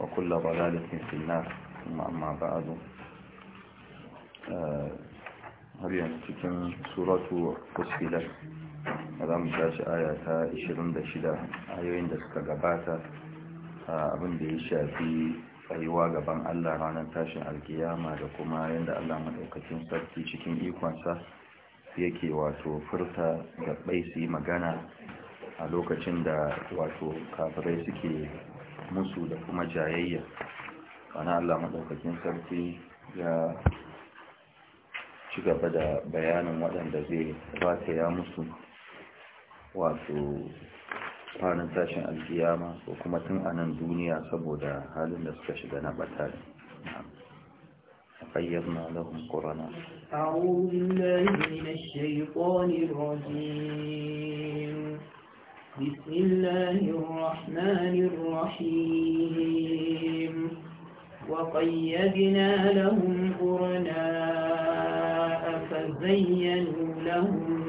a kulla وكل ضلالة في النار ثم أما بعد هل ينتكن سورة فصلة مدام تاش shida إشرون دشدة آيوين gabata a abin da ya shafi tsayuwa gaban Allah ranar tashin alkiyama da kuma yadda Allah maɗaukacin sarki cikin ikonsa yake wato furta da ɓaisi magana a lokacin da wato kafirai suke musu da kuma jayayya wani allah maɗaukakin sarki ya ci gaba da bayanin waɗanda zai ya musu wato kwanan tashin alkiyama ko kuma tun a nan duniya saboda halin da suka shiga na batari قيضنا لهم قرنا أعوذ بالله من الشيطان الرجيم بسم الله الرحمن الرحيم وقيدنا لهم قرناء فزينوا لهم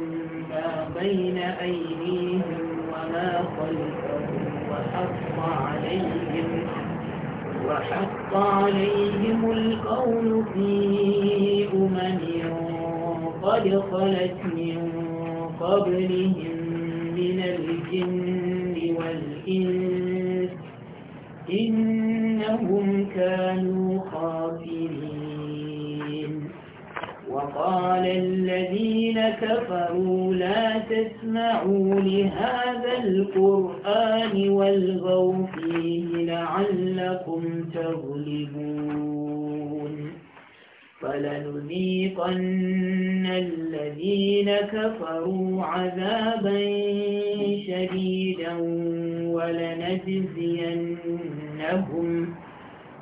ما بين أيديهم وما خلفهم وحق عليهم وحق عليهم القول في أمم قد خلت من قبلهم من الجن والإنس إنهم كانوا خاسرين وقال الذين كفروا لا تسمعوا لهذا القرآن والغوا فيه لعلكم تغلبون فلنذيقن الذين كفروا عذابا شديدا ولنجزينهم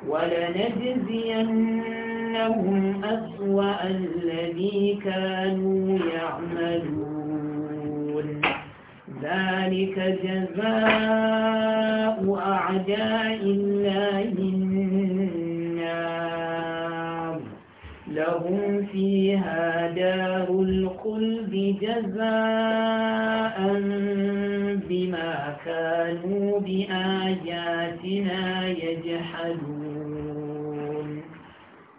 ولنجزينهم أسوأ الذي كانوا يعملون ذلك جزاء أعداء الله فيها دار الخلد جزاء بما كانوا بآياتنا يجحدون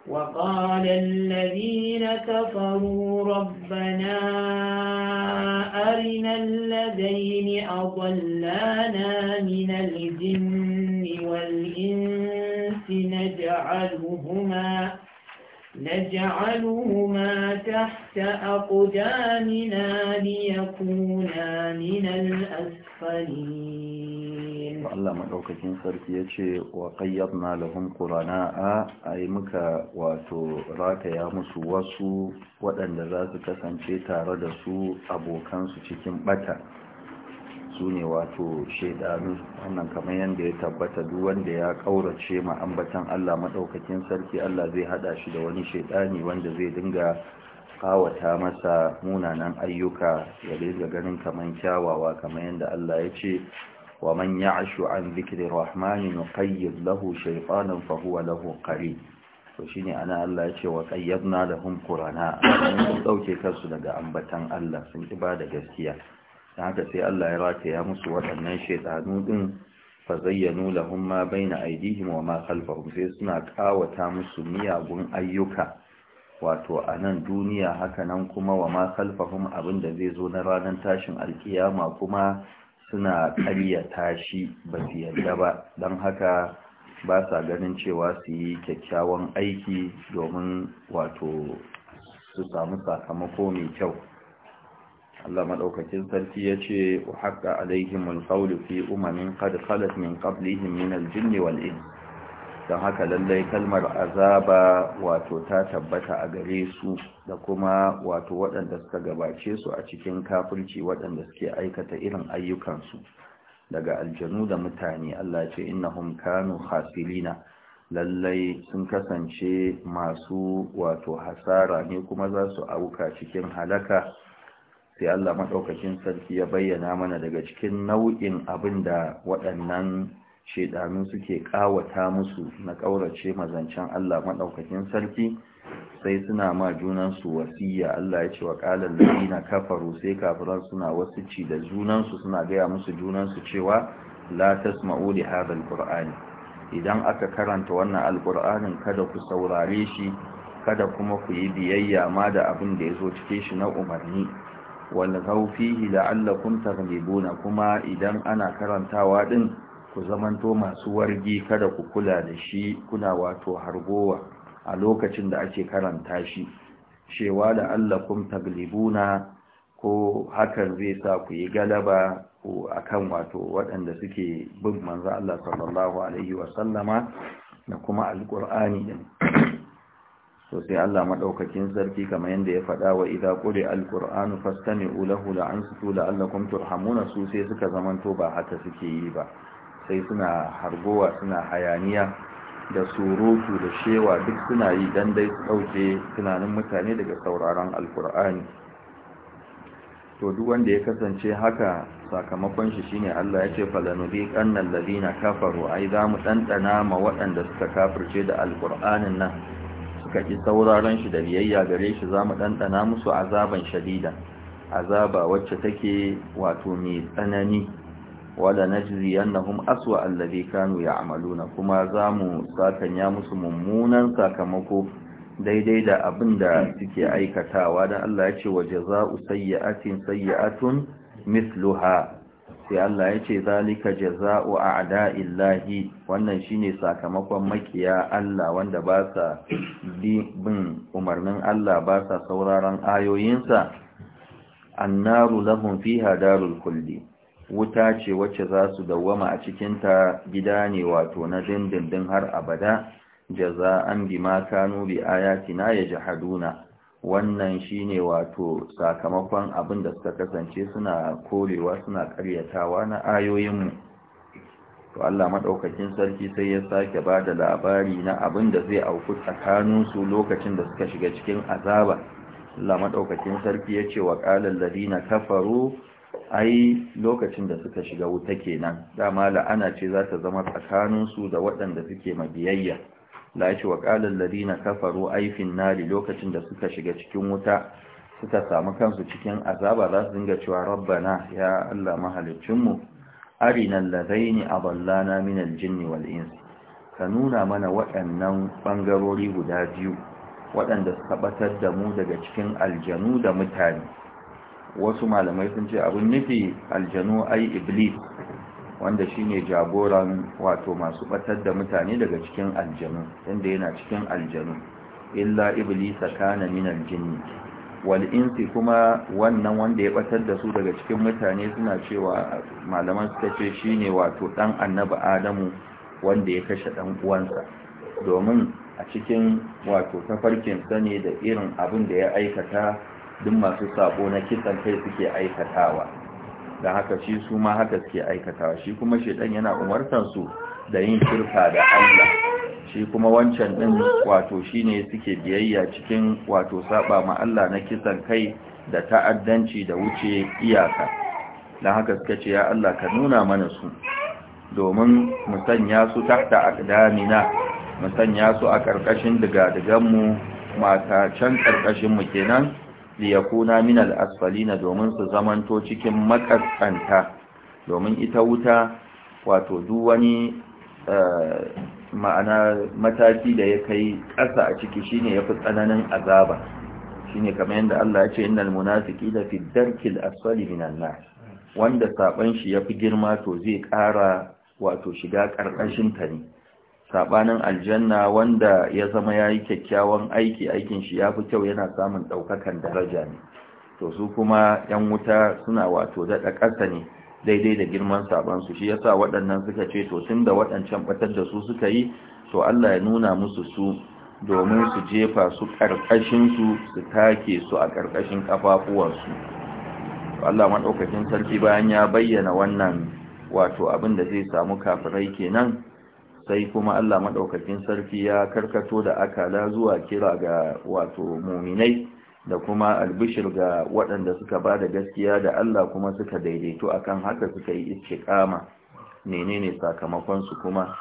وقال الذين كفروا ربنا أرنا الذين أضلانا من الجن والإنس نجعلهما نجعلهما تحت أقدامنا ليكونا من الأسفلين الله مدعوك تنصرك يتشي وقيضنا لهم قرناء أي مكا وتراك يا مسوسو وأن ذاتك سنشي تاردسو أبو كانسو تشكم بتا su ne wato shaidanu wannan kamar yadda ya tabbata duk wanda ya kaurace ma ambatan Allah madaukakin sarki Allah zai hada shi da wani shaidani wanda zai dinga kawata masa munanan ayyuka ya dinga ganin kaman kyawawa kaman yadda Allah ya ce wa man ya'shu an dhikri rahmani nuqayyid lahu shaytanan fa huwa lahu qarin to shine ana Allah ya ce wa qayyadna lahum qurana sun dauke kansu daga ambatan Allah sun ibada gaskiya ta haka sai Allah ya rataya musu waɗannan shaidanu ɗin fa zayyanu lahum ma baina aydihim wa ma khalfahum sai suna kawata musu miyagun ayyuka wato a nan duniya haka nan kuma wa ma khalfahum da zai zo na ranar tashin alkiyama kuma suna karya tashi ba su yarda ba don haka ba sa ganin cewa su yi kyakkyawan aiki domin wato su samu sakamako mai kyau Allah madaukakin sarki ce, wa haqqa alaihim alqawlu fi umamin qad khalat min qablihim min aljinni wal ins haka lallai kalmar azaba wato ta tabbata a gare su da kuma wato waɗanda suka gabace su a cikin kafirci waɗanda suke aikata irin ayyukansu. daga aljanu da mutane Allah ce innahum kanu hasirina. lallai sun kasance masu wato hasara ne kuma za su auka cikin halaka sai Allah maɗaukakin sarki ya bayyana mana daga cikin nau'in abin da waɗannan shaidanun suke ƙawata musu na ƙaurace mazancen Allah maɗaukakin sarki sai suna ma junansu wasiya Allah ya ce wa ƙalar lalina kafaru sai kafiran suna wasu ci da junansu suna gaya musu junansu cewa la tasma'u li hadha alqur'ani idan aka karanta wannan alqur'anin kada ku saurare shi kada kuma ku yi biyayya ma da abin da yazo cike shi na umarni ونغو فيه لعلكم تغلبون kuma idan ana karantawa din ku zamanto masu wargi kada ku kula da shi kuna wato hargowa a lokacin da ake karanta shi cewa da allakum taglibuna ko hakan zai sa ku yi galaba akan wato waɗanda suke bin manzo Allah sallallahu alaihi wa sallama da kuma alqur'ani din so sai Allah madaukakin sarki kamar yanda ya faɗa wa idza quri alqur'anu fastami'u lahu la'antu la'allakum turhamuna su sai suka zamanto ba haka suke yi ba sai suna hargowa suna hayaniya da surutu da shewa duk suna yi dan dai su dauke tunanin mutane daga sauraron alqur'ani to duk wanda ya kasance haka sakamakon shi shine Allah ya ce falanudi kannal kafaru ai za mu dandana ma waɗanda suka kafirce da alqur'anin nan suka ƙi sauraron shi da biyayya gare shi za mu ɗanɗana musu azaban shadida azaba wacce take wato mai tsanani wadda na jiziyannahum aswa allazi kanu ya'maluna kuma za mu sakanya musu mummunan sakamako daidai da abin da suke aikatawa don Allah ya ce wa jaza'u sayyi'atin sayyi'atun misluha. sai Allah ya ce zalika jaza'u a'da'illahi wannan shine sakamakon makiya Allah wanda ba sa bin umarnin Allah ba sa sauraron ayoyinsa annaru lahum fiha darul kulli wuta ce wacce za su dawwama a cikin ta gida ne wato na dindindin har abada jaza'an bima kanu bi ayatina yajhaduna wannan shine wato sakamakon abin da suka kasance suna korewa suna karyatawa na ayoyinmu to Allah madaukakin sarki sai ya sake da labari na abin da zai auku tsakanin su lokacin da suka shiga cikin azaba Allah madaukakin sarki ya ce wa qalal ladina kafaru ai lokacin da suka shiga wuta kenan dama la'ana ce za ta zama tsakanin su da waɗanda suke mabiyayya la wa ƙalin ladina kafaru aifin nari lokacin da suka shiga cikin wuta suka samu kansu cikin azaba za su dinga cewa rabbana ya Allah mahalicinmu arinan ladaini a ballana minal jinni wal insi ka nuna mana waɗannan ɓangarori guda biyu waɗanda suka ɓatar da mu daga cikin aljanu da mutane wasu malamai sun ce abin nufi aljanu ai iblis wanda shine jagoran wato masu batar da mutane daga cikin aljanu inda yana cikin aljanu illa iblisa kana min aljinni wal insi kuma wannan wanda ya batar da su daga cikin mutane suna cewa malaman suka ce shine wato dan annabi adamu wanda ya kashe dan uwansa domin a cikin wato tafarkin sani da irin abin da ya aikata duk masu sabo na kisan kai suke aikatawa da haka shi su ma haka suke aikatawa shi kuma shedan yana umartar su da yin shirka da Allah shi kuma wancan din wato shine suke biyayya cikin wato saba ma Allah na kisan kai da ta'addanci da wuce iyaka dan haka suka ce ya Allah ka nuna mana su domin mu sanya su tahta aqdamina mu sanya su a karkashin diga-digan mu mata can karkashin mu kenan liyakuna min al-asfalina domin su zamanto cikin makasanta domin ita wuta wato duk wani eh, ma'ana mataki da ya kai ƙasa a ciki shine yafi tsananin azaba shine kamar yadda Allah ya ce innal munafiqina fi darkil asfali minan wanda saban shi yafi girma to zai ƙara wato shiga ƙarƙashin ta ne sabanin aljanna wanda ya zama yayi kyakkyawan aiki aikin shi ya fi kyau yana samun daukakan daraja ne to su kuma yan wuta suna wato daɗa ƙasa ne daidai da girman saban su shi yasa waɗannan suka ce to tun da waɗancan batar da su suka yi to Allah ya nuna musu su domin su jefa su ƙarƙashin su su take su a ƙarƙashin kafafuwansu Allah madaukakin sarki bayan ya bayyana wannan wato abin da zai samu kafirai kenan sai kuma Allah maɗaukakin sarki ya karkato da akala zuwa kira ga wato muminai da kuma albishir ga waɗanda suka ba da gaskiya da Allah kuma suka daidaito akan haka suka yi kama menene sakamakon su kuma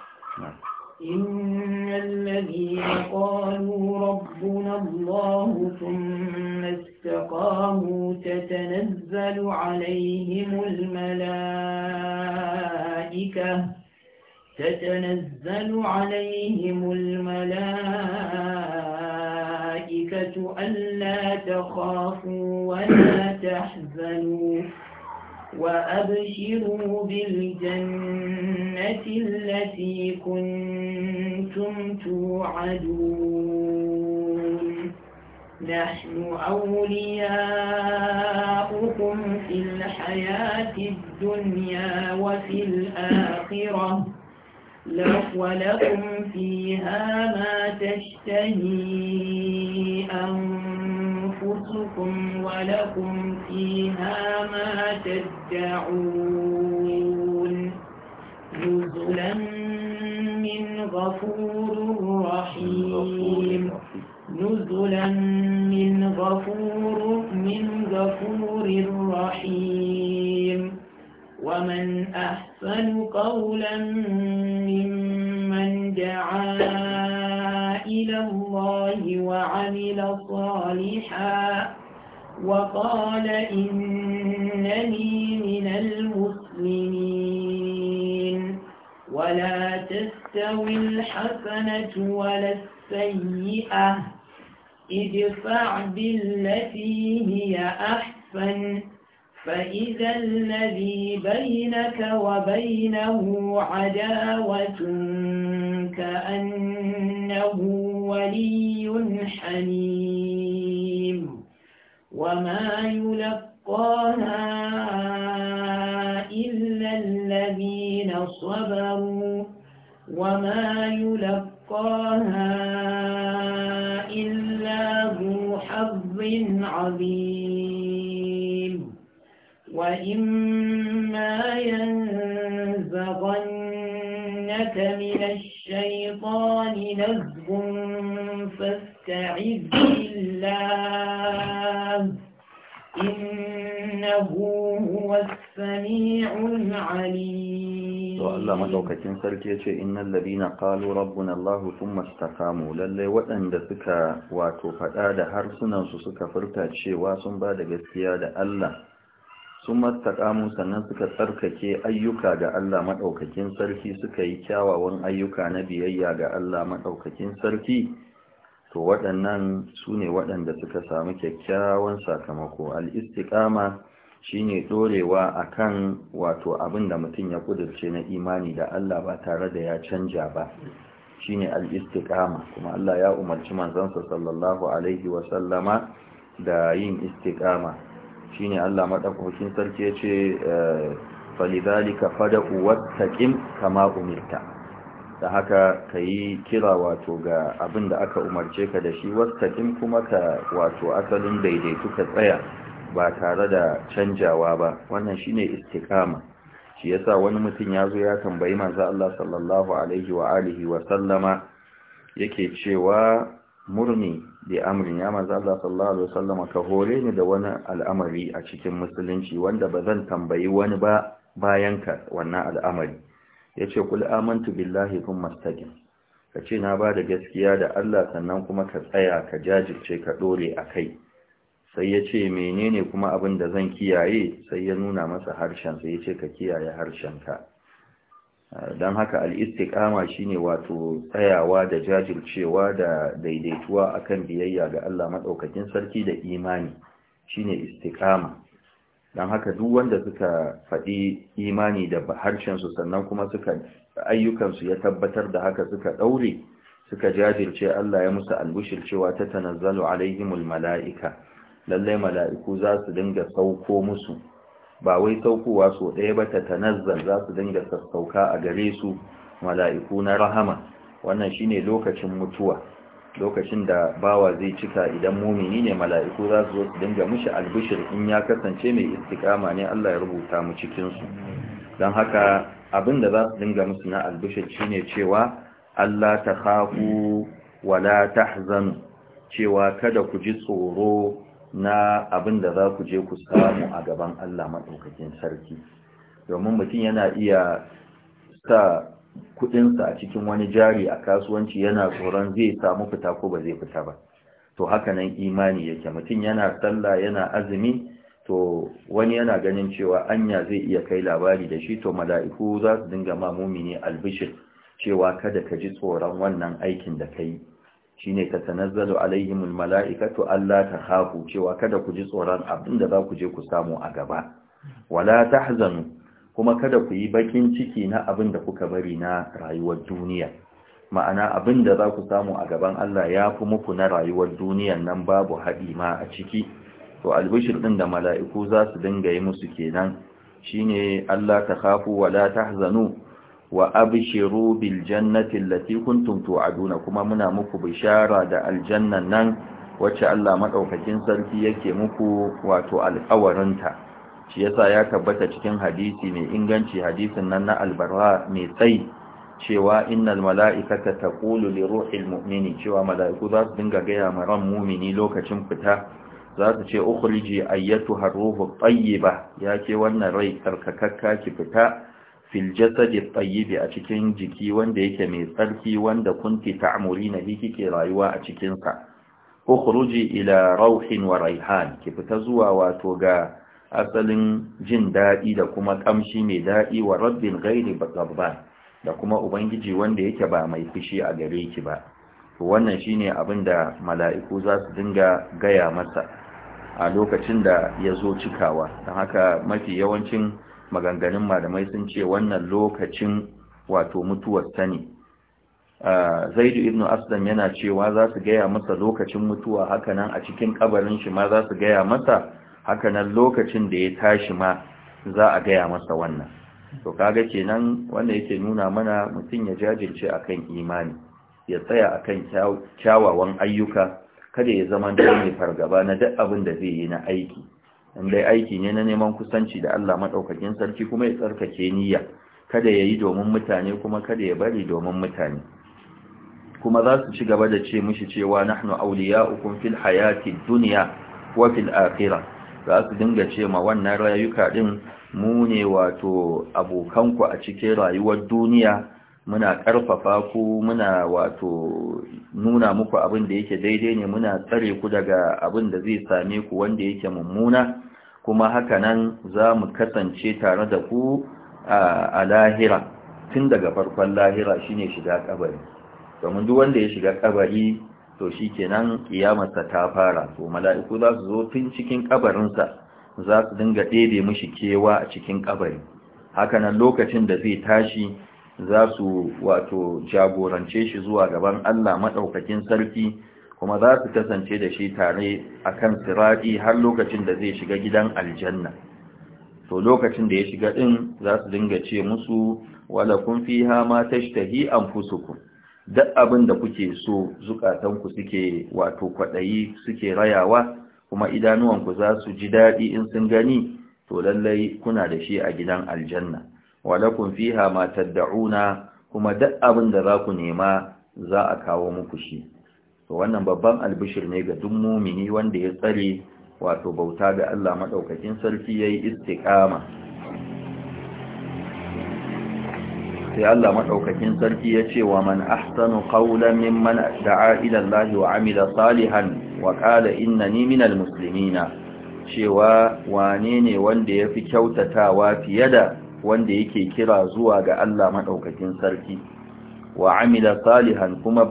إن الذين قالوا ربنا الله ثم استقاموا تتنزل عليهم الملائكة تتنزل عليهم الملائكة ألا تخافوا ولا تحزنوا وأبشروا بالجنة التي كنتم توعدون نحن أولياؤكم في الحياة الدنيا وفي الآخرة ولكم فيها ما تشتهي أنفسكم ولكم فيها ما تدعون نزلا من غفور رحيم نزلا من غفور من غفور رحيم ومن أحسن أحسن قولا ممن دعا إلى الله وعمل صالحا وقال إنني من المسلمين ولا تستوي الحسنة ولا السيئة ادفع بالتي هي أحسن فإذا الذي بينك وبينه عداوة كأنه ولي حميم وما يلقاها إلا الذين صبروا وما يلقاها إلا ذو حظ عظيم وإما ينزغنك من الشيطان نزغ فاستعذ بالله إنه هو السميع العليم الله مدوكتين سركي إن الذين قالوا ربنا الله ثم استقاموا للي وأن دفك واتو فتاد هرسنا سسك فرتاد شيء واسم بعد قسيا الله sun mastaƙamu sannan suka tsarkake ayyuka ga Allah maɗaukakin sarki suka yi kyawawan ayyuka na biyayya ga Allah maɗaukakin sarki to waɗannan su ne waɗanda suka samu kyakkyawan sakamako alistikama shi ne ɗorewa a kan wato abin da mutum ya ƙudurce na imani da Allah ba tare da ya canja ba shi ne al-istiƙama, kuma Allah ya umarci manzansa sallallahu alaihi wasallama da yin istiƙama Shi ne Allah maɗakokin sarki ya ce, yace fada uwar taƙin kama umirta da haka ka yi kira wato ga abin da aka umarce ka da shi wattaqim kuma ka wato asalin daidaitu ka tsaya ba tare da canjawa ba wannan shi ne istikama. shi ya sa wani mutum ya zo ya tambayi manzo Allah sallallahu alaihi wa alihi wa sallama yake cewa murni Da amrin ya manzo Allah sallallahu alaihi wasallam ka hore ni da wani al'amari a cikin musulunci wanda bazan tambayi wani ba bayan ka wannan al'amari yace kul amantu billahi thumma istaqim kace na ba da gaskiya da Allah sannan kuma ka tsaya ka jajirce ka dole akai sai yace menene kuma abin da zan kiyaye sai ya nuna masa harshen sai yace ka kiyaye harshen ka don haka al'istikama shine wato tsayawa da jajircewa da daidaituwa a kan biyayya ga Allah maɗaukakin sarki da imani shine istikama don haka duk wanda suka faɗi imani da harshensu sannan kuma suka ayyukansu ya tabbatar da haka suka ɗaure suka jajirce Allah ya musu albushir cewa ta tanazzalu alaihimul mala'ika lallai mala'iku za su dinga sauko musu ba wai saukowa so ɗaya ba ta tanazzal za su dinga sassauka a gare su mala'iku na rahama wannan shine lokacin mutuwa lokacin da bawa zai cika idan mumini ne mala'iku za su zo su dinga mushi albishir in ya kasance mai istikama ne Allah ya rubuta mu cikin su don haka abin da za su dinga musu na albishir shine cewa Allah ta khafu wala tahzanu cewa kada ku ji tsoro na abin da za ku je ku samu a gaban Allah maɗaukakin sarki domin mutum yana iya sa kudinsa a cikin wani jari a kasuwanci yana tsoron zai samu fita ko ba zai fita ba to haka nan imani yake mutum yana sallah yana azumi to wani yana ganin cewa anya zai iya kai labari da shi to mala'iku za su dinga ma ne albishir cewa kada ka ji tsoron wannan aikin da ka yi. shine ka tanazzalu alaihimul mala'ikatu alla takhafu cewa kada ku ji tsoron abinda za ku je ku samu a gaba wala tahzanu kuma kada ku yi bakin ciki na abinda kuka bari na rayuwar duniya ma'ana abinda za ku samu a gaban Allah ya fi muku na rayuwar duniyan nan babu haɗi ma a ciki to albishir din da mala'iku za su dinga yi musu kenan shine Allah takhafu wala tahzanu wa abshiru bil jannati allati kuntum tu'aduna kuma muna muku bishara da aljannan nan wacce Allah madaukakin sarki yake muku wato alƙawarinta shi yasa ya tabbata cikin hadisi mai inganci hadisin nan na albarra mai tsayi cewa innal mala'ikata taqulu li ruhil mu'mini cewa mala'iku za su dinga gaya ma ran mu'mini lokacin fita za su ce ukhriji ayyatuha harruhu tayyiba ya ce wannan rai karkakakka ki fita fil jasadi a cikin jiki wanda yake mai tsarki wanda kunti na biki ke rayuwa a cikin ko ukhruji ila rauhin wa raihan ki fita zuwa wato ga asalin jin daɗi da kuma ƙamshi mai daɗi wa rabbin ghairi bagabban da kuma ubangiji wanda yake ba mai fushi a gare ki ba to wannan shine abin da mala'iku za su dinga gaya masa a lokacin da ya zo cikawa don haka mafi yawancin maganganun malamai sun ce wannan lokacin wato mutuwar ta ne. zaidu Ibn aslam yana cewa za su gaya masa lokacin mutuwa hakanan a cikin kabarin shi ma za su gaya masa hakanan lokacin da ya tashi ma za a gaya masa wannan to kaga kenan wanda yake nuna mana mutum ya jajirce akan imani ya tsaya akan kyawawan ayyuka kada ya zama da mai fargaba na duk abin da zai yi na aiki in dai aiki ne na neman kusanci da Allah madaukakin sarki kuma ya tsarkake niyya kada yayi domin mutane kuma kada ya bari domin mutane kuma za su ci gaba da ce mishi cewa nahnu awliya'ukum fil hayati duniya wa fil akhirah za su dinga ce ma wannan rayuka din mu ne wato abokanku a cikin rayuwar duniya muna ƙarfafa ku muna wato nuna muku abin da yake daidai ne muna tsare ku daga abin da zai same ku wanda yake mummuna kuma haka nan za mu kasance tare da ku a lahira tun daga farkon lahira shine shiga kabari domin duk wanda ya shiga kabari to shi nan kiyamarsa ta fara to mala'iku za su zo tun cikin kabarinsa za su dinga ɗebe mishi kewa a cikin kabari hakanan lokacin da zai tashi za su wato jagorance shi zuwa gaban Allah maɗaukakin sarki kuma za su kasance da shi tare a kan siraɗi har lokacin da zai shiga gidan aljanna to lokacin da ya shiga ɗin za su dinga ce musu wala kun fi hama ta shi duk abin da kuke so zukatanku suke wato kwaɗayi suke rayawa kuma idanuwanku za su ji daɗi in sun gani to lallai kuna da shi a gidan aljanna wa lakum fiha ma tad'una kuma duk abin da za ku nema za a kawo muku shi to wannan babban albishir ne ga duk mumini wanda ya tsare wato bauta ga Allah madaukakin sarki yayi istiqama sai Allah madaukakin sarki ya ce wa man ahsanu qawlan mimman da'a ila Allah wa amila salihan wa qala innani minal muslimina cewa wane ne wanda yafi kyautatawa fiye da wanda yake kira zuwa ga Allah madaukakin sarki wa amila salihan kuma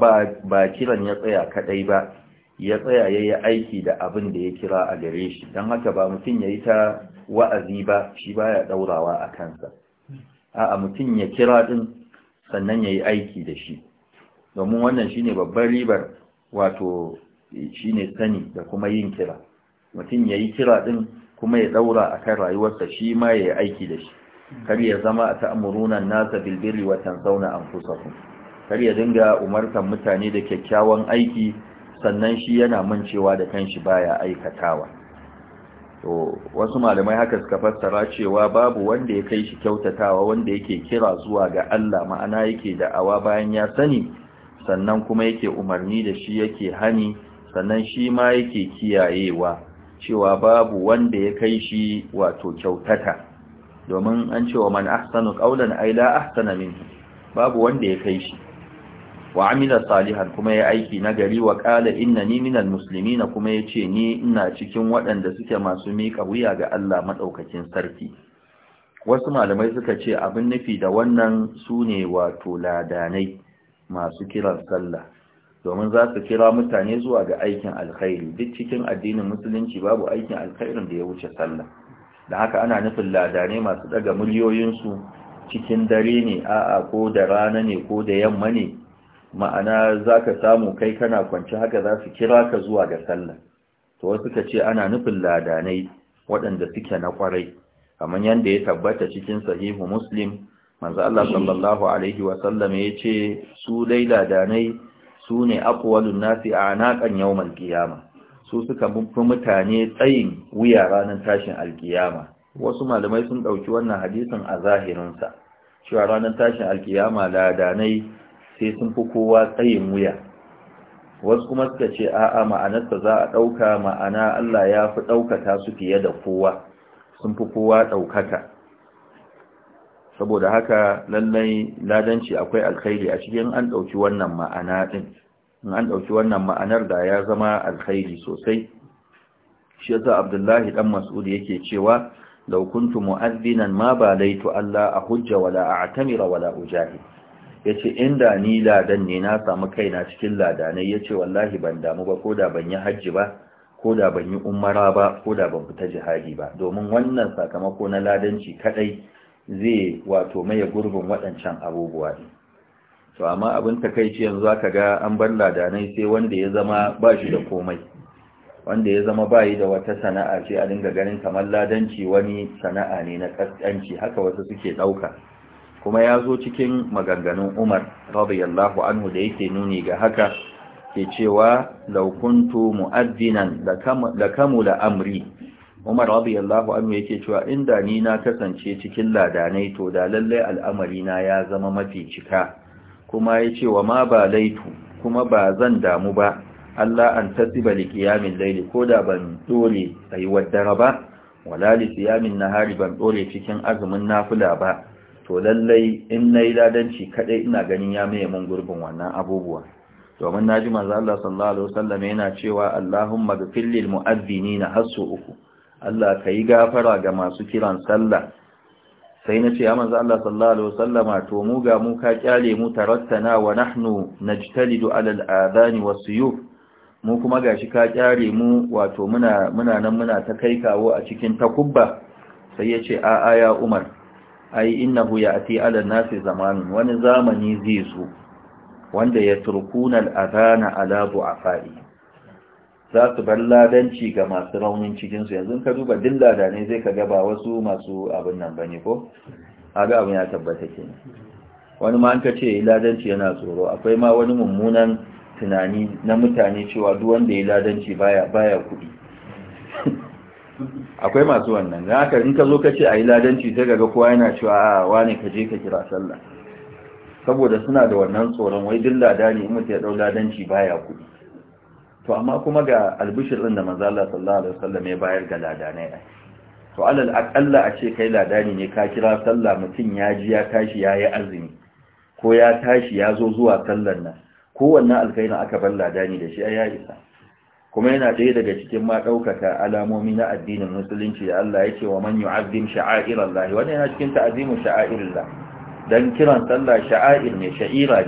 ba kiran ya tsaya kadai ba ya tsaya yayi aiki da abin da ya kira a gare shi dan haka ba mutun yayi ta wa'azi ba shi baya daurawa a kansa a'a mutum ya kira din sannan yayi aiki da shi domin wannan shine babbar ribar wato shine sani da kuma yin kira mutum ya yi kira ɗin kuma ya ɗaura akan rayuwarsa shi ma ya yi aiki da shi kar ya zama a ta'amuruna nasa bilbiri wa tanzauna anfusakum kar ya dinga umartan mutane da kyakkyawan aiki sannan shi yana mancewa da kanshi baya aikatawa to wasu malamai haka suka fassara cewa babu wanda ya kai shi kyautatawa wanda yake kira zuwa ga Allah ma'ana yake da awa bayan ya sani sannan kuma yake umarni da shi yake hani sannan shi ma yake kiyayewa cewa babu wanda ya kai shi wato kyautata domin an wa man ahsanu qawlan ay la ahsana minhu babu wanda ya kai shi wa amila salihan kuma ya aiki nagari wa qala innani minal muslimin kuma yace ni ina cikin waɗanda suke masu miƙa wuya ga Allah madaukakin sarki wasu malamai suka ce abin nufi da wannan sune wato ladanai masu kiran sallah domin za su kira mutane zuwa ga aikin alkhairi duk cikin addinin musulunci babu aikin alkhairin da ya wuce sallah da haka ana nufin ladane masu daga miliyoyinsu cikin dare ne a'a ko da rana ne ko da yamma ne ma'ana za ka samu kai kana kwanci haka za su kira ka zuwa ga sallah to wasu ka ce ana nufin ladanai waɗanda suke na ƙwarai kamar yadda ya tabbata cikin sahihu muslim manzo Allah sallallahu alaihi wa sallam ya ce su dai ladanai su ne aqwalun nasi a anaqan yawmal qiyamah su suka fi mutane tsayin wuya ranar tashin alkiyama wasu malamai sun ɗauki wannan hadisin a zahirinsa cewa ranar tashin alkiyama ladanai sai sun fi kowa tsayin wuya wasu kuma suka ce a'a ma'anarsa za a ɗauka ma'ana Allah ya fi ɗaukata su fiye da kowa sun fi kowa ɗaukaka saboda haka lallai ladanci akwai alkhairi a cikin an ɗauki wannan ma'ana ɗin in an ɗauki wannan ma'anar da ya zama alkhairi sosai shi yasa abdullahi dan mas'ud yake cewa law kuntu mu'adhdhinan ma balaitu a hujja wala a'tamira wala ujahi yace inda ni ladan ne na samu kaina cikin ladanai yace wallahi ban damu ba koda ban yi hajji ba koda ban yi umara ba koda ban fita jihadi ba domin wannan sakamako na ladanci kadai zai wato maye gurbin waɗancan abubuwa ne. to amma abin takaici yanzu zaka ga an bar ladanai sai wanda ya zama ba shi da komai wanda ya zama bayi da wata sana'a ce a dinga ganin kamar ladanci wani sana'a ne na kaskanci haka wasu suke dauka kuma ya zo cikin maganganun Umar radiyallahu anhu da yake nuni ga haka ke cewa law kuntu mu'addinan da amri Umar radiyallahu anhu yake cewa inda ni na kasance cikin ladanai to da lalle al'amari na ya zama mafi cika kuma ya ce wa ma ba laitu kuma ba zan damu ba Allah an tasiba li laili, ko da ban dole yi dare ba wala li siyamin nahari ban dole cikin azumin nafila ba to lallai in nayi ladanci kadai ina ganin ya maye mun gurbin wannan abubuwa domin naji manzo Allah sallallahu alaihi wasallam yana cewa Allahumma ghfir lil mu'adhdhinina hasu uku Allah kai gafara ga masu kiran sallah sai na ce ya manzo Allah sallallahu alaihi wasallama to mu ga mu ka kyale mu tarattana wa nahnu najtalidu ala al-adhan mu kuma gashi ka kyale mu wato muna muna nan muna ta kai kawo a cikin takubba sai ya ce a aya Umar ai innahu ya'ti ala nasi zamanin, wani zamani zai zo wanda ya turkuna al-adhana ala bu'afai za su bar ladanci ga masu raunin cikinsu yanzu ka duba din ne zai ka gaba wasu masu abin nan bane ko aga abin ya tabbata ke wani ma an ka ce ladanci yana tsoro akwai ma wani mummunan tunani na mutane cewa duk wanda ya ladanci baya baya kuɗi akwai masu wannan ga haka in ka zo ka ce a yi ladanci sai ga kowa yana cewa a wane ka je ka kira sallah saboda suna da wannan tsoron wai din lada ne in mutum ya dau ladanci baya kuɗi to amma kuma ga albishir din da manzo Allah sallallahu alaihi wasallam ya bayar ga ladanai to alal aqalla a ce kai ladani ne ka kira sallah mutun ya ji ya tashi yayi azumi ko ya tashi ya zo zuwa sallar nan kowanne alkhairin aka bar ladani da shi ya isa kuma yana ɗaya daga cikin ma ɗaukaka alamomi na addinin musulunci da Allah ya ce wa man yu'azzim sha'airallahi wannan yana cikin ta'azimu sha'airillah dan kiran sallah sha'air ne sha'ira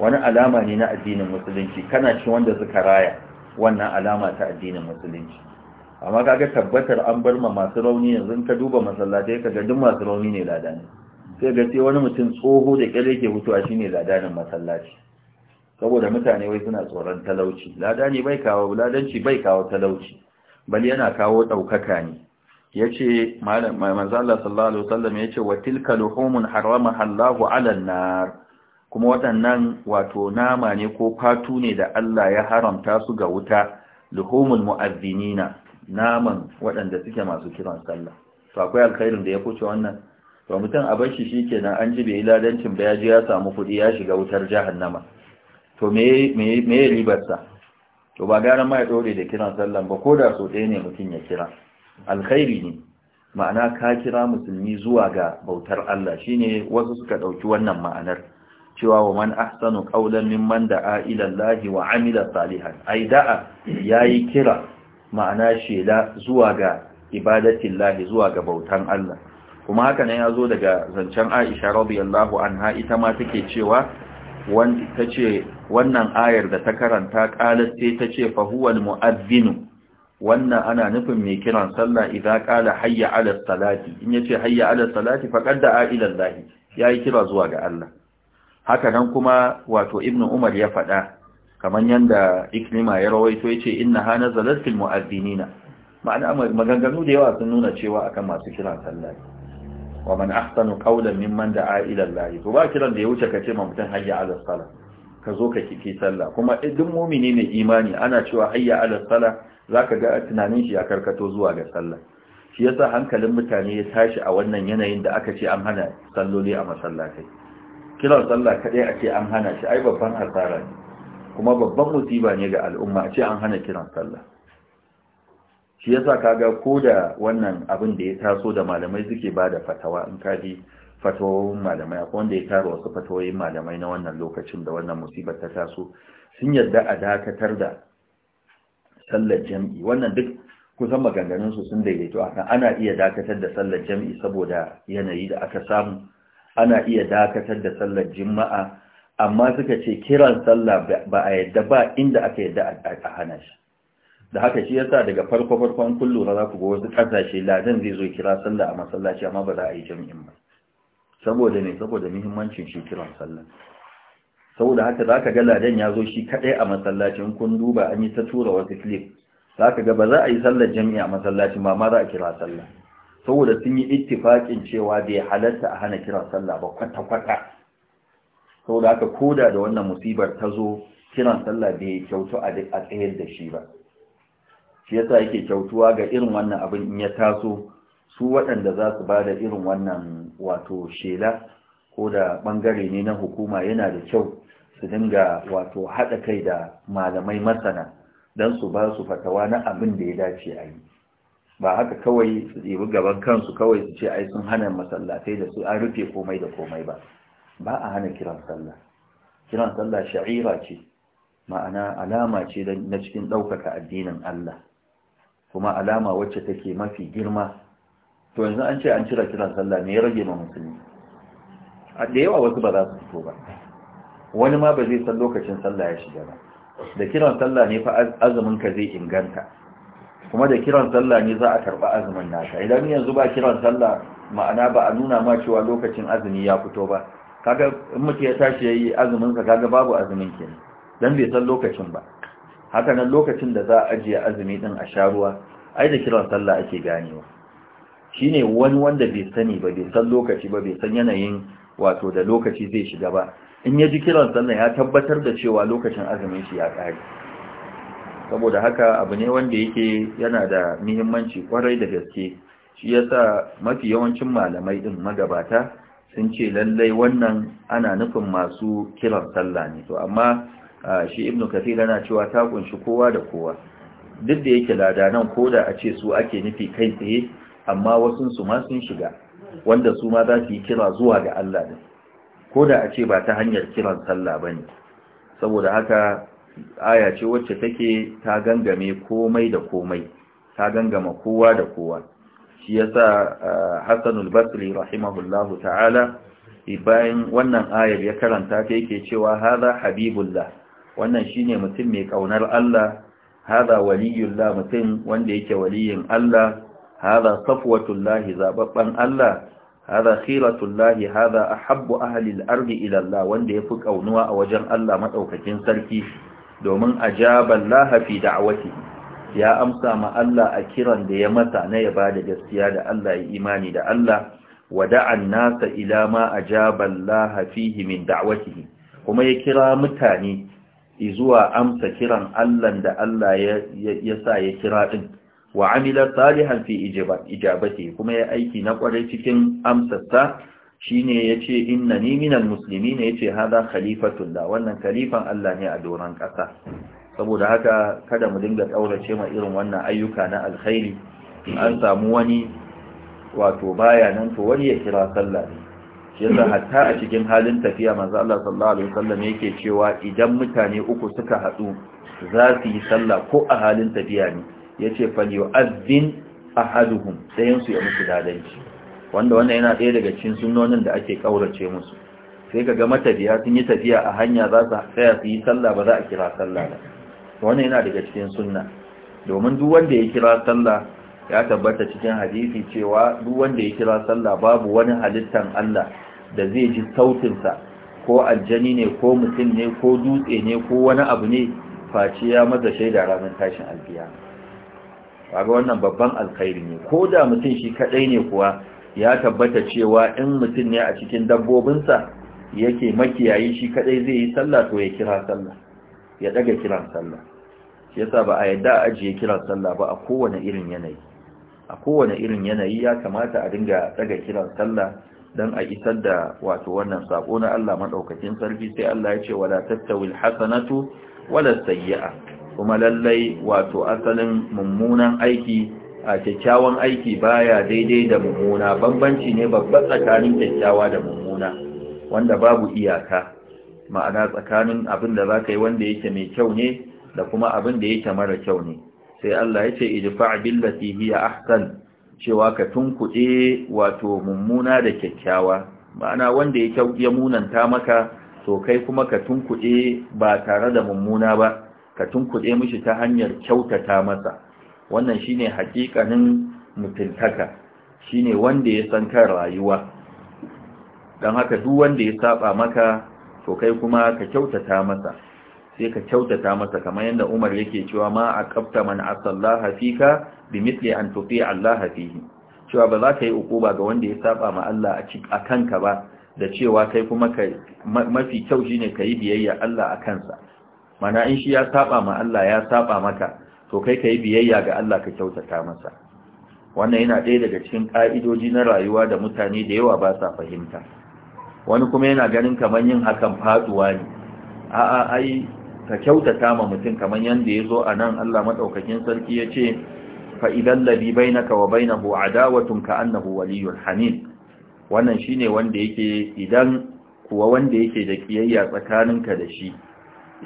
wani alama ne na addinin musulunci kana ci wanda suka raya wannan alama ta addinin musulunci amma kaga tabbatar an bar ma masu rauni yanzu ka duba masallatai kaga duk masu rauni ne ladani sai ga sai wani mutum tsoho da kyale yake hutuwa shine ladanin masallaci saboda mutane wai suna tsoron talauci ladani bai kawo ladanci bai kawo talauci bal yana kawo daukaka ne yace malam manzo Allah sallallahu alaihi wasallam yace wa tilka luhumun harama Allahu 'alan nar kuma waɗannan wato nama ne ko fatu ne da Allah ya haramta su ga wuta luhumul mu'azzinina naman waɗanda suke masu kiran sallah to akwai alkhairin da ya fuce wannan to mutum a shi shikenan an ji bai ladancin ba ya ji ya samu kuɗi ya shiga wutar jahannama to me me me ribar to ba garan ma ya dore da kiran sallah ba koda so ɗaya ne mutum ya kira alkhairi ne ma'ana ka kira musulmi zuwa ga bautar Allah shine wasu suka dauki wannan ma'anar cewa wa man ahsanu qawlan mimman da'a ila Allah wa amila salihan ai da'a yayi kira ma'ana shela zuwa ga ibadatillahi zuwa ga bautan Allah kuma haka ya zo daga zancen Aisha radiyallahu anha ita ma take cewa wanda tace wannan ayar da ta karanta qalat sai tace fa huwal mu'adhdhin wannan ana nufin mai kiran sallah idza qala hayya 'ala salati in yace hayya 'ala salati faqad da ila Allah yayi kira zuwa ga Allah haka nan kuma wato ibn umar ya faɗa kamar yadda iklima ya rawaito ya ce inna hana nazalat fil ma'ana maganganu da yawa sun nuna cewa akan masu kiran sallah wa man ahsanu qawlan mimman da'a ila Allah to ba kiran da ya wuce kace ma mutun hayya ala ka zo ka kike sallah kuma duk mu'mini mai imani ana cewa hayya ala salah zaka ga tunanin shi ya karkato zuwa ga sallah shi yasa hankalin mutane ya tashi a wannan yanayin da aka ce an hana salloli a masallatai kiran sallah kadai a ce an hana shi ai babban hasara ne kuma babban musiba ne ga al'umma a ce an hana kiran sallah shi yasa kaga ko da wannan abin da ya taso da malamai suke ba da fatawa in ji fatawoyin malamai akwai wanda ya tara wasu fatawoyin malamai na wannan lokacin da wannan musibar ta taso sun yarda a dakatar da sallar jam'i wannan duk kusan su sun daidaito a ana iya dakatar da sallar jam'i saboda yanayi da aka samu ana iya dakatar da sallar juma'a amma suka ce kiran sallah ba a yadda ba inda aka yadda a hana shi da haka shi yasa daga farko farkon kullu na za ku ga wasu kasashe ladan zai zo kira sallah a masallaci amma ba za a yi jami'in ba saboda ne saboda muhimmancin shi kiran sallah saboda haka za ka ga ladan ya zo shi kaɗai a masallacin kun duba an yi ta tura wasu clip za ka ga ba za a yi sallar jami'a a masallacin ba ma za a kira sallah saboda sun yi ittifaƙin cewa bai halarta a hana kiran sallah ba kwata-kwata saboda haka koda da wannan musibar ta zo kiran sallah bai kyautu a tsayar da shi ba shi yasa yake kyautuwa ga irin wannan abin in ya taso su waɗanda za su ba da irin wannan wato shela ko da 'bangare' ne na hukuma yana da kyau su dinga wato haɗa kai da malamai masana don su ba su fatawa na abin da ya dace a yi ba haka kawai su tsibi gaban kansu kawai su ce ai sun hana masallatai da su an rufe komai da komai ba ba a hana kiran sallah kiran sallah sha'ira ce ma'ana alama ce na cikin ɗaukaka addinin Allah kuma alama wacce take mafi girma to yanzu an ce an cira kiran sallah ne ya rage ma musulmi a da yawa wasu ba za su fito ba wani ma ba zai san lokacin sallah ya shiga ba da kiran sallah ne fa azumin ka zai inganta kuma da kiran sallah ne za a karba azumin naka idan yanzu ba kiran sallah ma'ana ba a nuna ma cewa lokacin azumi ya fito ba kaga in mutum ya tashi yayi azumin sa kaga babu azumin kenan dan bai san lokacin ba haka nan lokacin da za a ajiye azumi din a sharuwa ai da kiran sallah ake ganewa shine wani wanda bai sani ba bai san lokaci ba bai san yanayin wato da lokaci zai shiga ba in ya ji kiran sallah ya tabbatar da cewa lokacin azumin shi ya kare saboda haka abu ne wanda yake yana da muhimmanci kwarai da gaske shi yasa mafi yawancin malamai din magabata sun ce lallai wannan ana nufin masu kiran sallah ne to amma shi Ibn kathir yana cewa ta kunshi kowa da kowa duk da yake lada nan, koda a ce su ake nufi kai tsaye amma wasun su ma sun shiga wanda su ma za su yi kira zuwa ga Allah din koda a ce ba ta hanyar kiran sallah bane saboda haka aya ce wacce take ta gangame komai da komai ta gangama kowa da kowa shi yasa eh, Hassanul Basri rahimahullahu ta'ala bayan wannan ayar ya karanta ta yake cewa hadha habibullah wannan shine mutum mai kaunar Allah hadha waliyullah mutum wanda yake waliyin Allah hadha safwatullahi zababban Allah hadha khiratullahi hadha ahabbu ahli al-ardi ila Allah wanda yafi kaunuwa a wajen Allah madaukakin sarki domin ajaba Allah fi da'awati ya amsa ma Allah a kiran da ya masa na ya bada gaskiya da Allah ya imani da Allah wada'an nasa ilama a ajaba Allah min da'watihi kuma ya kira mutane zuwa amsa kiran Allah da Allah ya sa ya kira din wa amila salihan fi ijabati kuma ya aiki na kwarai cikin amsarsa shine yace Musulmi ne ya yace hada khalifatun da wannan khalifan Allah ne a doron kasa saboda haka kada mu dinga ɗaurace ma irin wannan ayyuka na alkhairi an samu wani wato baya nan to wani ya kira sallah ne shi yasa hatta a cikin halin tafiya manzo Allah sallallahu alaihi wasallam yake cewa idan mutane uku suka hatsu za su yi sallah ko a halin tafiya ne yace fal yu'adhin ahaduhum dayan ya musu dadanci wanda wannan yana ɗaya daga cikin sunnonin da ake kaurace musu sai ka ga matafiya sun yi tafiya a hanya za su tsaya su yi sallah ba za a kira sallah ba wannan yana daga cikin sunna domin duk wanda ya kira sallah ya tabbata cikin hadisi cewa duk wanda ya kira sallah babu wani halittan Allah da zai ji sautinsa ko aljani ne ko mutum ne ko dutse ne ko wani abu ne face ya masa shaida ranar tashin alfiya kaga wannan babban alkhairi ne ko da mutum shi kadai ne kuwa ya tabbata cewa in mutum ne a cikin dabbobinsa yake makiyayi shi kadai zai yi sallah to ya kira sallah ya daga kiran sallah shi yasa ba a yadda a ajiye kiran sallah ba a kowane irin yanayi a kowane irin yanayi ya kamata a dinga daga kiran sallah dan a isar da wato wannan sako na Allah madaukakin sarki sai Allah ya ce wala tattawil hasanatu wala sayyi'a kuma lallai wato asalin mummunan aiki a kyakkyawan aiki baya daidai da mummuna bambanci ne babba tsakanin kyakkyawa da mummuna wanda babu iyaka ma'ana tsakanin abin da za ka yi wanda yake mai kyau ne da kuma abin da yake mara kyau ne sai Allah ya ce idfa billati hiya ahsan cewa ka tunkuɗe wato mummuna da kyakkyawa ma'ana wanda ya kyau ya munanta maka to kai kuma ka tunkuɗe ba tare da mummuna ba ka tunkuɗe mishi ta hanyar kyautata masa wannan shine hakikanin mutuntaka Shi ne wanda ya san kan rayuwa dan haka duk wanda ya saba maka to kai kuma ka kyautata masa sai ka kyautata masa kamar yadda Umar yake cewa ma a aqabta man asallaha fika bimithli an tufi Allah fihi cewa ba za ka yi ukuba ga wanda ya saba ma Allah a kanka ba da cewa kai kuma ka mafi kyau shine ka yi biyayya Allah a kansa mana in shi ya saba ma Allah ya saba maka to kai ka yi biyayya ga Allah ka kyautata masa wannan yana ɗaya daga cikin ƙa'idoji na rayuwa da mutane da yawa ba sa fahimta wani kuma yana ganin kamar yin hakan faduwa ne a'a ai ka kyautata ma mutum kamar yadda ya zo a nan Allah maɗaukakin sarki ya ce fa'idan labi bai na kawa bai na adawatun ka annahu waliyun hamil wannan shi ne wanda yake idan kuwa wanda yake da kiyayya tsakaninka da shi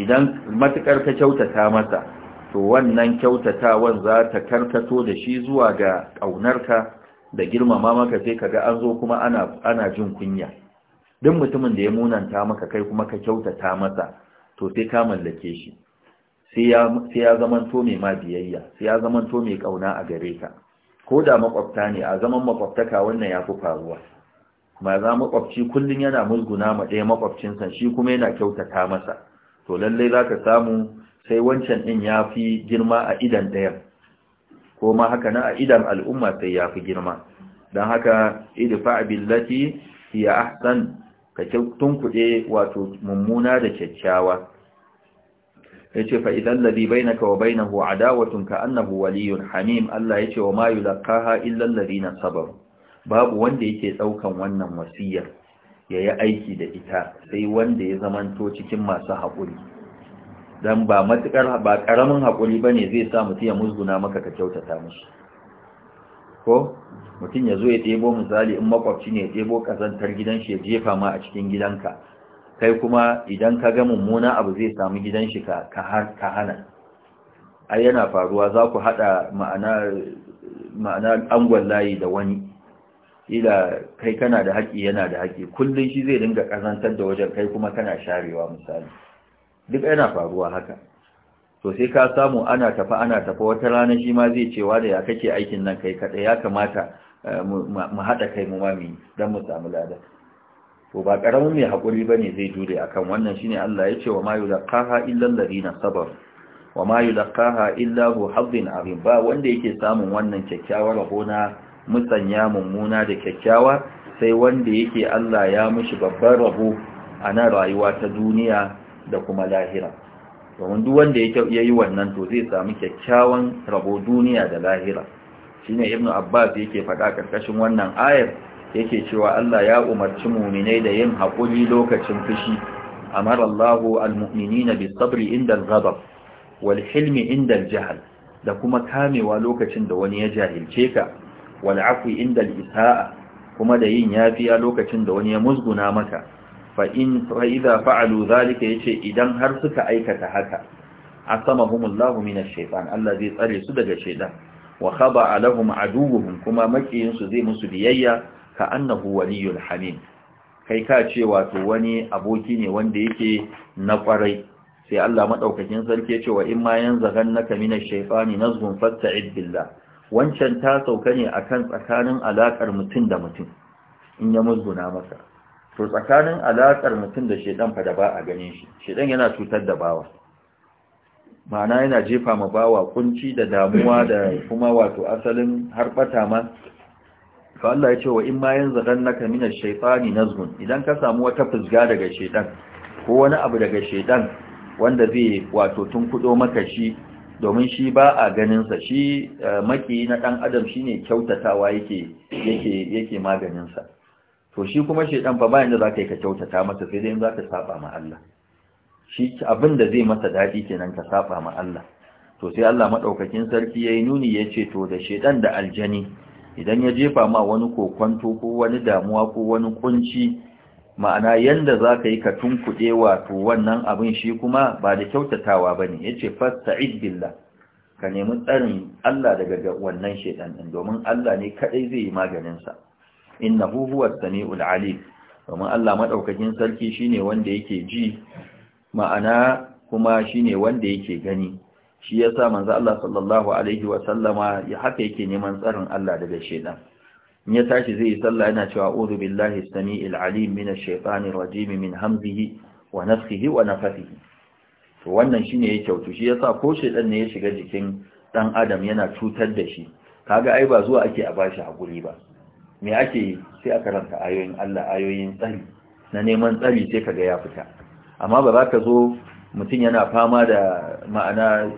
idan matuƙar ka kyautata masa to wannan kyautatawan za ta karkato da shi zuwa ga ƙaunarka da girmama maka sai kaga an zo kuma ana ana jin kunya duk mutumin da ya munanta maka kai kuma ka kyautata masa to sai ka mallake shi sai ya zaman to mai ma biyayya sai ya zamanto mai kauna a gare ka ko da makwabta ne a zaman makwabtaka wannan ya fi faruwa ma za makwabci kullum yana musguna ma ɗaya makwabcinsa shi kuma yana kyautata masa to lallai za ka samu sai wancan ɗin ya fi girma a idan ɗayan ko ma haka na a idan al'umma sai ya fi girma don haka idfa billati ya ahsan ka tunkuɗe wato mummuna da kyakkyawa yace fa idan bai na wa bainahu adawatun ka annahu waliyyun hamim Allah ya ce wa ma in illa na. sabaru babu wanda yake daukan wannan wasiyar yayi aiki da ita sai wanda ya zamanto cikin masu haƙuri dan ba matukar ba karamin hakuri bane zai sa mutum ya musguna maka ka kyautata mishi ko mutum ya zo ya ɗebo misali in makwabci ne ya ɗebo ƙazantar gidan shi ya jefa ma a cikin gidanka kai kuma idan ka ga mummuna abu zai samu gidan shi ka hana ai yana faruwa za ku haɗa ma'ana angon layi da wani ila kai kana da haƙi yana da haƙi kullum shi zai dinga ƙazantar da wajen kai kuma kana sharewa misali duk yana faruwa haka to sai ka samu ana tafa ana tafa wata rana shi ma zai cewa da ya kake aikin nan kai kaɗai ya kamata eh, mu haɗa kai mu mami don mu samu lada to ba ƙaramin mai haƙuri ba ne zai dure akan wannan shine Allah ya ce wa ma yulqaha illa alladhina sabar wa ma yulqaha illa hu haɗin azim ba wanda yake samun wannan kyakkyawar rabona musanya mummuna da kyakkyawa sai wanda yake Allah ya mishi babbar rabo ana rayuwa ta duniya da kuma lahira domin duk wanda ya yi wannan to zai samu kyakkyawan rabo duniya da lahira shine ibnu abbas yake faɗa karkashin wannan ayar yake cewa Allah ya umarci mu'minai da yin haƙuri lokacin fushi amara Allahu almu'minina bisabri sabri inda al wal-hilmi inda jahal, da kuma kamewa lokacin da wani ya jahilce ka wal-afwi inda isaa kuma da yin yafiya lokacin da wani ya musguna maka fa'in fa'iza fa'alu zalika ya ce idan har suka aikata haka a sama humullahu mina shaitan Allah zai tsare su daga shaitan wa khaba alahum kuma makiyinsu zai musu biyayya ka annahu waliyul hamim kai ka ce wato wani aboki ne wanda yake na kwarai sai Allah madaukakin sarki ya ce wa in ma yanzaghannaka mina shaifani nazghun fasta'id billah wancan ta sauka ne akan tsakanin alakar mutum da mutum in ya musguna masa to tsakanin alaƙar mutum da shedan fa da ba a ganin shi shedan yana cutar da bawa ma'ana yana jefa ma bawa kunci da damuwa da kuma wato asalin harbata ma fa Allah ya ce wa in ma yanzaghannaka minash shaytani nazgun idan ka samu wata fuzga daga shedan ko wani abu daga shedan wanda zai wato tun kudo maka shi domin shi ba a ganin sa shi eh, maki na dan adam shine kyautatawa yake yake yake maganin sa to shi kuma shaidan fa bayan da zaka yi ka kyautata masa sai dai in zaka saba ma Allah shi abin da zai masa dadi kenan ka saba ma Allah to sai Allah madaukakin sarki yayi nuni yace to da shedan da aljani idan ya jefa ma wani kokwanto ko wani damuwa ko wani kunci ma'ana yanda zaka yi ka tunkuɗe wato wannan abin shi kuma ba da kyautatawa bane yace fasta'id billah ka nemi tsarin Allah daga wannan shedan din domin Allah ne kadai zai yi maganin sa innahu huwa samiul alim domin Allah madaukakin sarki shine wanda yake ji ma'ana kuma shine wanda yake gani shi yasa manzo Allah sallallahu alaihi wa sallama ya haka yake neman tsarin Allah daga shedan in ya tashi zai yi sallah yana cewa a'udhu billahi samiil alim minash shaitanir rajim min hamzihi wa nafthihi wa nafathihi to wannan shine ya kyautu shi yasa ko shedan ne ya shiga jikin dan adam yana cutar da shi kaga ai ba zuwa ake a bashi hakuri ba me ake yi sai a karanta ayoyin Allah ayoyin tsari na neman tsari sai kaga ya fita amma ba za ka zo mutum yana fama da ma'ana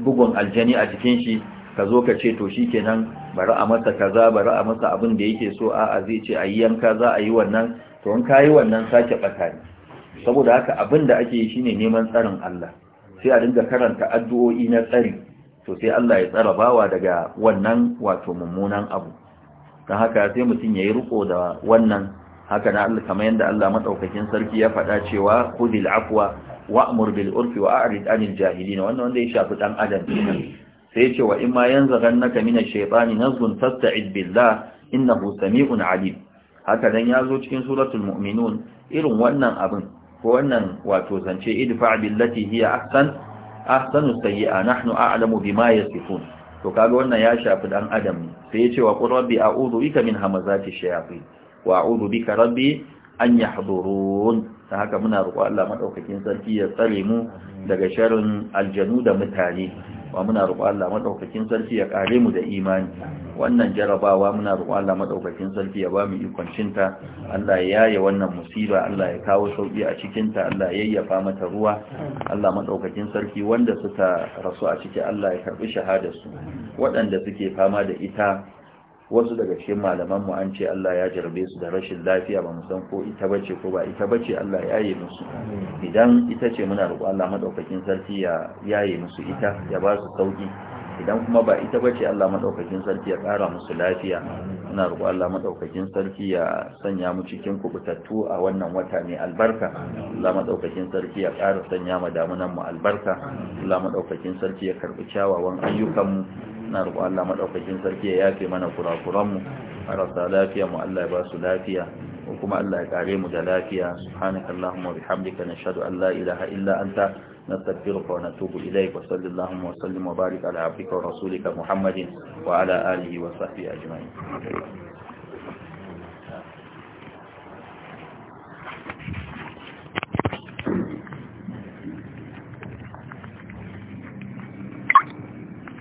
bugun aljani a cikin shi ka zo ka ce to shi kenan bari a masa kaza bari a masa abin da yake so a zai ce a yi yanka za a yi wannan to in ka yi wannan sake ɓata ne saboda haka abin da ake yi shine neman tsarin Allah sai a dinga karanta addu'o'i na tsari to sai Allah ya tsara bawa daga wannan wato mummunan abu don haka sai mutum ya yi riko da wannan haka na Allah kamar yadda Allah maɗaukakin sarki ya faɗa cewa khudil afwa wa'mur bil urfi wa a'rid anil jahilin wannan wanda ya shafi dan adam sai ya ce wa imma yanzaghannaka minash shaytani nazghun fasta'id billah innahu sami'un alim haka dan yazo cikin suratul mu'minun irin wannan abin ko wannan wato zance idfa billati hiya ahsan ahsanu sayyi'a nahnu a'lamu bima yasifun to kaga wannan ya shafi dan adam ne sai ya ce wa qur rabbi a'udhu bika min hamazati shayatin wa a'udhu bika rabbi an yahdurun ta haka muna roƙo Allah madaukakin sarki ya tsare mu daga sharrin aljanu da mutane wa muna roƙon Allah madaukakin sarki ya kare mu da imani wannan jarabawa muna roƙon Allah madaukakin sarki ya ba mu ikon cinta Allah ya yaye wannan musiba Allah ya kawo sauki a cikin ta Allah ya yayyafa mata ruwa Allah madaukakin sarki wanda suka rasu a ciki Allah ya karbi shahadar su waɗanda suke fama da ita wasu daga cikin malaman mu an ce Allah ya jarbe su da rashin lafiya ba mu san ko ita bace ko ba ita bace Allah ya yi musu idan ita ce muna roƙo Allah madaukakin sarki ya yaye musu ita ya ba su sauki idan kuma ba ita bace Allah madaukakin sarki ya ƙara musu lafiya muna roƙo Allah madaukakin sarki ya sanya mu cikin kubutattu a wannan wata mai albarka Allah madaukakin sarki ya ƙara sanya mu damunan mu albarka Allah madaukakin sarki ya karbi kyawawan ayyukan mu na roƙon Allah madaukakin sarki ya yafe mana kurakuran mu marasa lafiya mu Allah ya ba su lafiya ko kuma Allah ya kare mu da lafiya subhanakallahumma bihamdika nashhadu an la ilaha illa anta نستغفرك ونتوب إليك وصلى اللهم وسلم وبارك على عبدك ورسولك محمد وعلى آله وصحبه أجمعين